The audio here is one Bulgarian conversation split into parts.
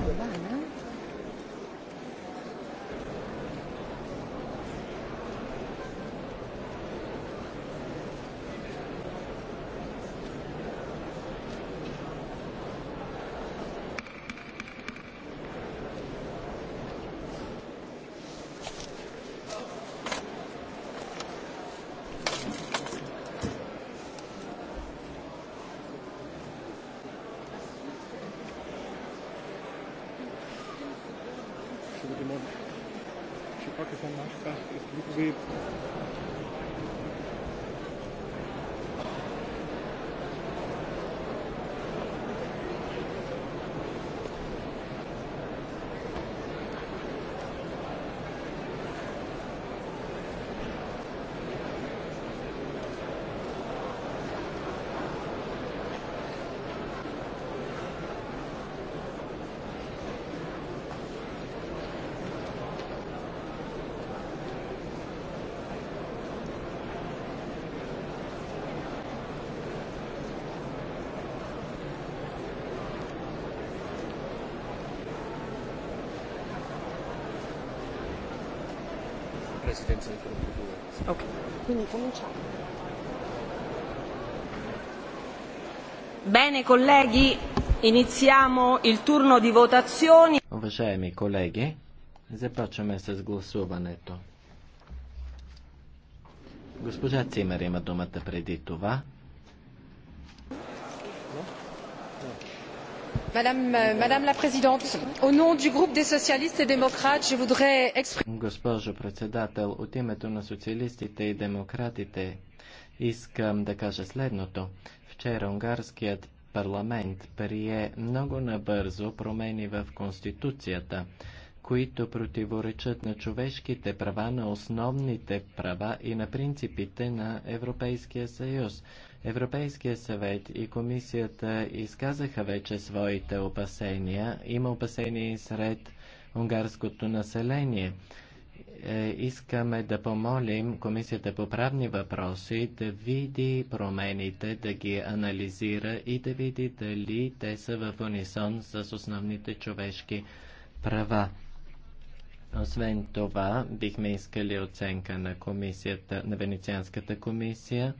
Ciudadana presidenza del gruppo 2. Ok, quindi cominciamo. Bene colleghi, iniziamo il turno di votazioni. colleghi, Уважаеми колеги, започваме с netto. Госпожа Цимер има думата преди това. Euh, Madame la Présidente, au nom du groupe des socialistes et démocrates, je voudrais exprimer... Госпожо председател, от името на социалистите и демократите искам да кажа следното. Вчера унгарският парламент прие много набързо промени в Конституцията, които противоречат на човешките права, на основните права и на принципите на Европейския съюз. Европейския съвет и комисията изказаха вече своите опасения. Има опасения и сред унгарското население. Е, искаме да помолим Комисията по правни въпроси да види промените, да ги анализира и да види дали те са в унисон с основните човешки права. Освен това, бихме искали оценка на комисията, на Венецианската комисия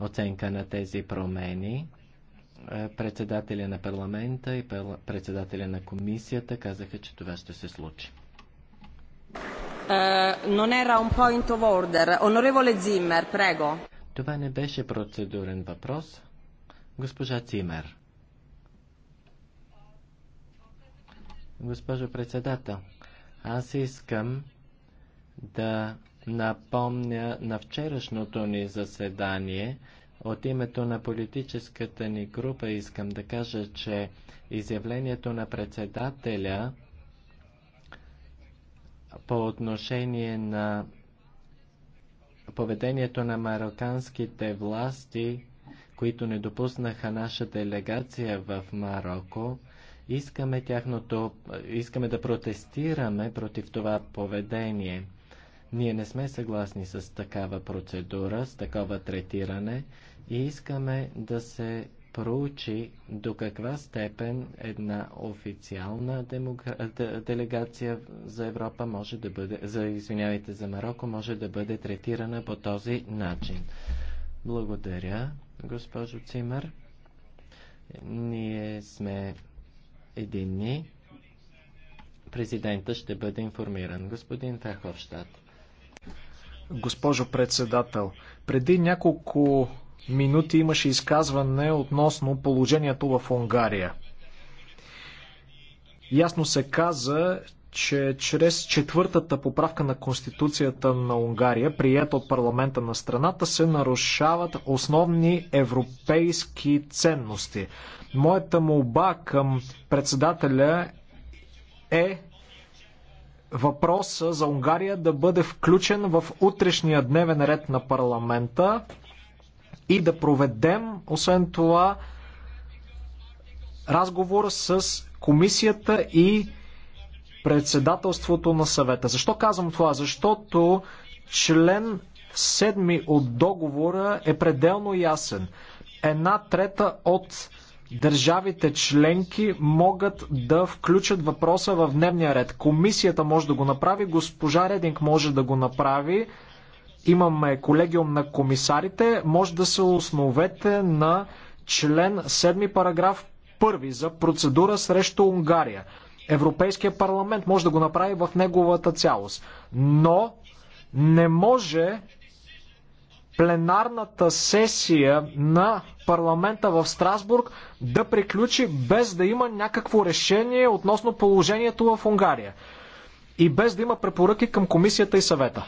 оценка на тези промени. Е, председателя на парламента и председателя на комисията казаха, че това ще се случи. Е, Zimmer, това не беше процедурен въпрос. Госпожа Цимер. Госпожо председател, аз искам да напомня на вчерашното ни заседание. От името на политическата ни група искам да кажа, че изявлението на председателя по отношение на поведението на мароканските власти, които не допуснаха наша делегация в Марокко, искаме, тяхното, искаме да протестираме против това поведение. Ние не сме съгласни с такава процедура, с такова третиране и искаме да се проучи до каква степен една официална демокра... делегация за Европа може да бъде, за, извинявайте, за Марокко може да бъде третирана по този начин. Благодаря, госпожо Цимър. Ние сме единни. Президента ще бъде информиран. Господин Ферховщад. Госпожо председател, преди няколко минути имаше изказване относно положението в Унгария. Ясно се каза, че чрез четвъртата поправка на Конституцията на Унгария, прията от парламента на страната, се нарушават основни европейски ценности. Моята молба към председателя е въпроса за Унгария да бъде включен в утрешния дневен ред на парламента и да проведем, освен това, разговор с комисията и председателството на съвета. Защо казвам това? Защото член 7 от договора е пределно ясен. Една трета от държавите членки могат да включат въпроса в дневния ред. Комисията може да го направи, госпожа Рединг може да го направи. Имаме колегиум на комисарите. Може да се основете на член 7 параграф 1 за процедура срещу Унгария. Европейския парламент може да го направи в неговата цялост. Но не може пленарната сесия на парламента в Страсбург да приключи без да има някакво решение относно положението в Унгария и без да има препоръки към комисията и съвета.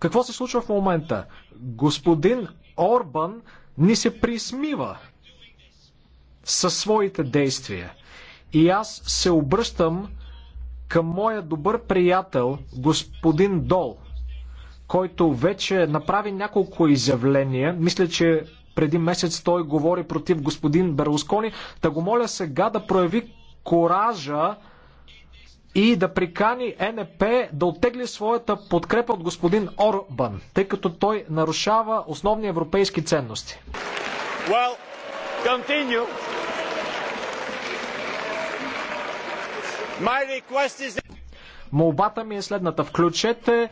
Какво се случва в момента? Господин Орбан ни се присмива със своите действия. И аз се обръщам към моя добър приятел, господин Дол, който вече направи няколко изявления. Мисля, че преди месец той говори против господин Берлускони. да го моля сега да прояви коража и да прикани НП да оттегли своята подкрепа от господин Орбан, тъй като той нарушава основни европейски ценности. Well, continue. Молбата ми е следната. Включете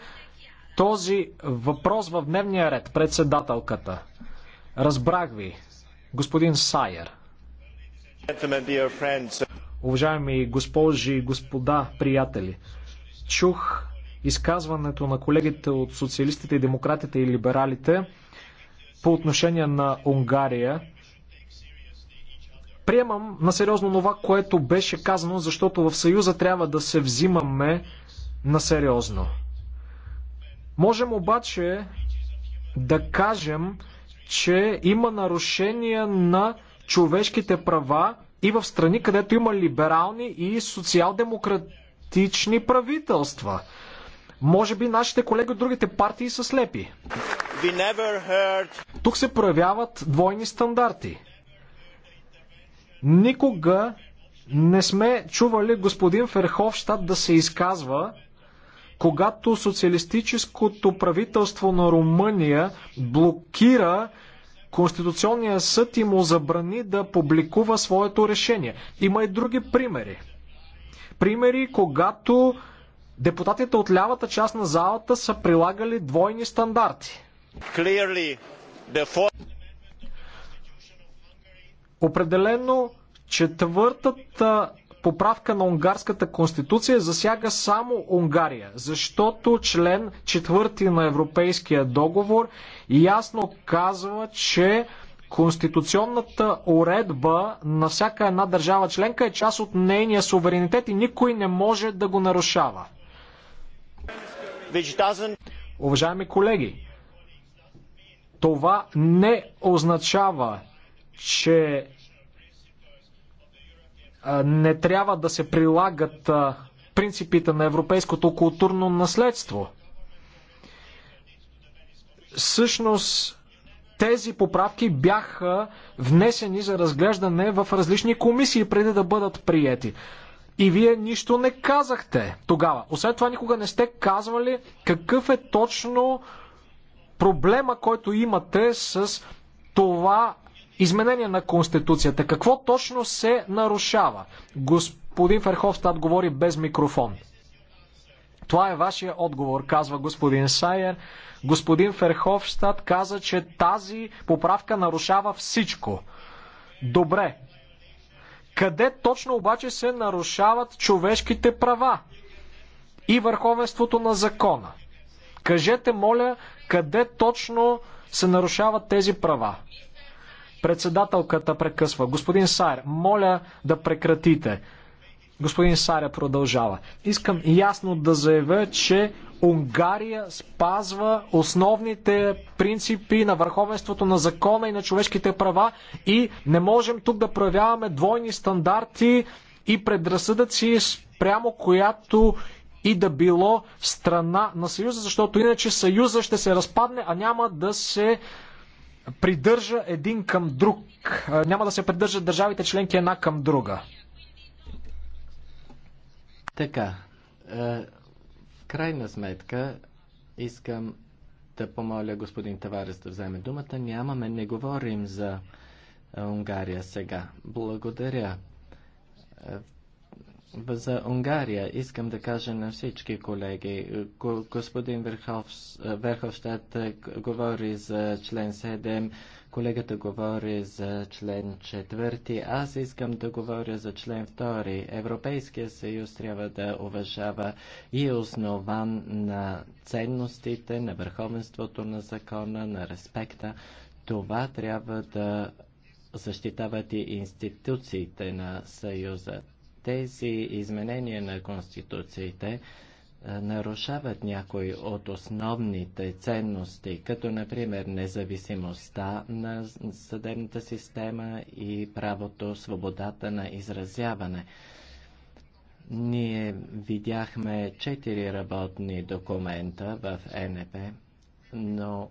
този въпрос в дневния ред, председателката. Разбрах ви, господин Сайер. Уважаеми госпожи и господа, приятели, чух изказването на колегите от социалистите и демократите и либералите по отношение на Унгария. Приемам на сериозно това, което беше казано, защото в Съюза трябва да се взимаме на сериозно. Можем обаче да кажем, че има нарушения на човешките права и в страни, където има либерални и социал-демократични правителства. Може би нашите колеги от другите партии са слепи. Тук се проявяват двойни стандарти. Никога не сме чували господин Ферховщад да се изказва, когато социалистическото правителство на Румъния блокира Конституционния съд и му забрани да публикува своето решение. Има и други примери. Примери, когато депутатите от лявата част на залата са прилагали двойни стандарти. Определено четвъртата поправка на унгарската конституция засяга само Унгария, защото член четвърти на Европейския договор ясно казва, че конституционната уредба на всяка една държава членка е част от нейния суверенитет и никой не може да го нарушава. Уважаеми колеги, това не означава, че не трябва да се прилагат принципите на европейското културно наследство. Същност тези поправки бяха внесени за разглеждане в различни комисии преди да бъдат приети. И вие нищо не казахте тогава. Освен това, никога не сте казвали какъв е точно проблема, който имате с това изменение на Конституцията. Какво точно се нарушава? Господин Ферховстад говори без микрофон. Това е вашия отговор, казва господин Сайер. Господин Ферховстад каза, че тази поправка нарушава всичко. Добре. Къде точно обаче се нарушават човешките права и върховенството на закона? Кажете, моля, къде точно се нарушават тези права? Председателката прекъсва. Господин Сайер, моля да прекратите. Господин Саря продължава. Искам ясно да заявя, че Унгария спазва основните принципи на върховенството на закона и на човешките права и не можем тук да проявяваме двойни стандарти и предразсъдъци спрямо която и да било страна на Съюза, защото иначе Съюза ще се разпадне, а няма да се придържа един към друг. Няма да се придържат държавите членки една към друга. Така. Е, в крайна сметка искам да помоля господин Таварес да вземе думата. Нямаме, не говорим за е, Унгария сега. Благодаря. Е, за Унгария искам да кажа на всички колеги. Господин Верхов, Верховщад е, говори за член 7, колегата говори за член 4. Аз искам да говоря за член 2. Европейския съюз трябва да уважава и е основан на ценностите, на върховенството на закона, на респекта. Това трябва да защитават и институциите на Съюза тези изменения на конституциите е, нарушават някои от основните ценности, като например независимостта на съдебната система и правото, свободата на изразяване. Ние видяхме четири работни документа в НП, но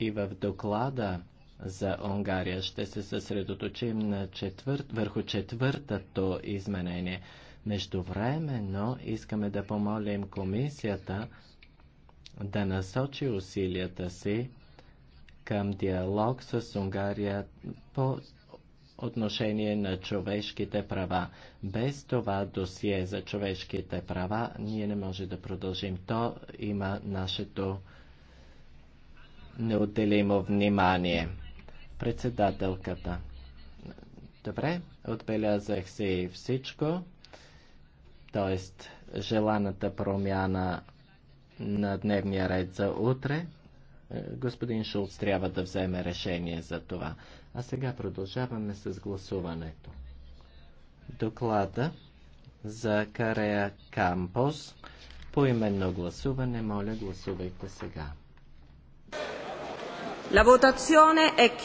и в доклада за Унгария. Ще се съсредоточим на четвърт, върху четвъртото изменение. Междувременно искаме да помолим комисията да насочи усилията си към диалог с Унгария по отношение на човешките права. Без това досие за човешките права ние не може да продължим. То има нашето неотделимо внимание. Председателката. Добре, отбелязах си всичко, т.е. желаната промяна на дневния ред за утре. Господин Шулц трябва да вземе решение за това. А сега продължаваме с гласуването. Доклада за Карея Кампос. По именно гласуване, моля гласувайте сега. La votazione è chiusa.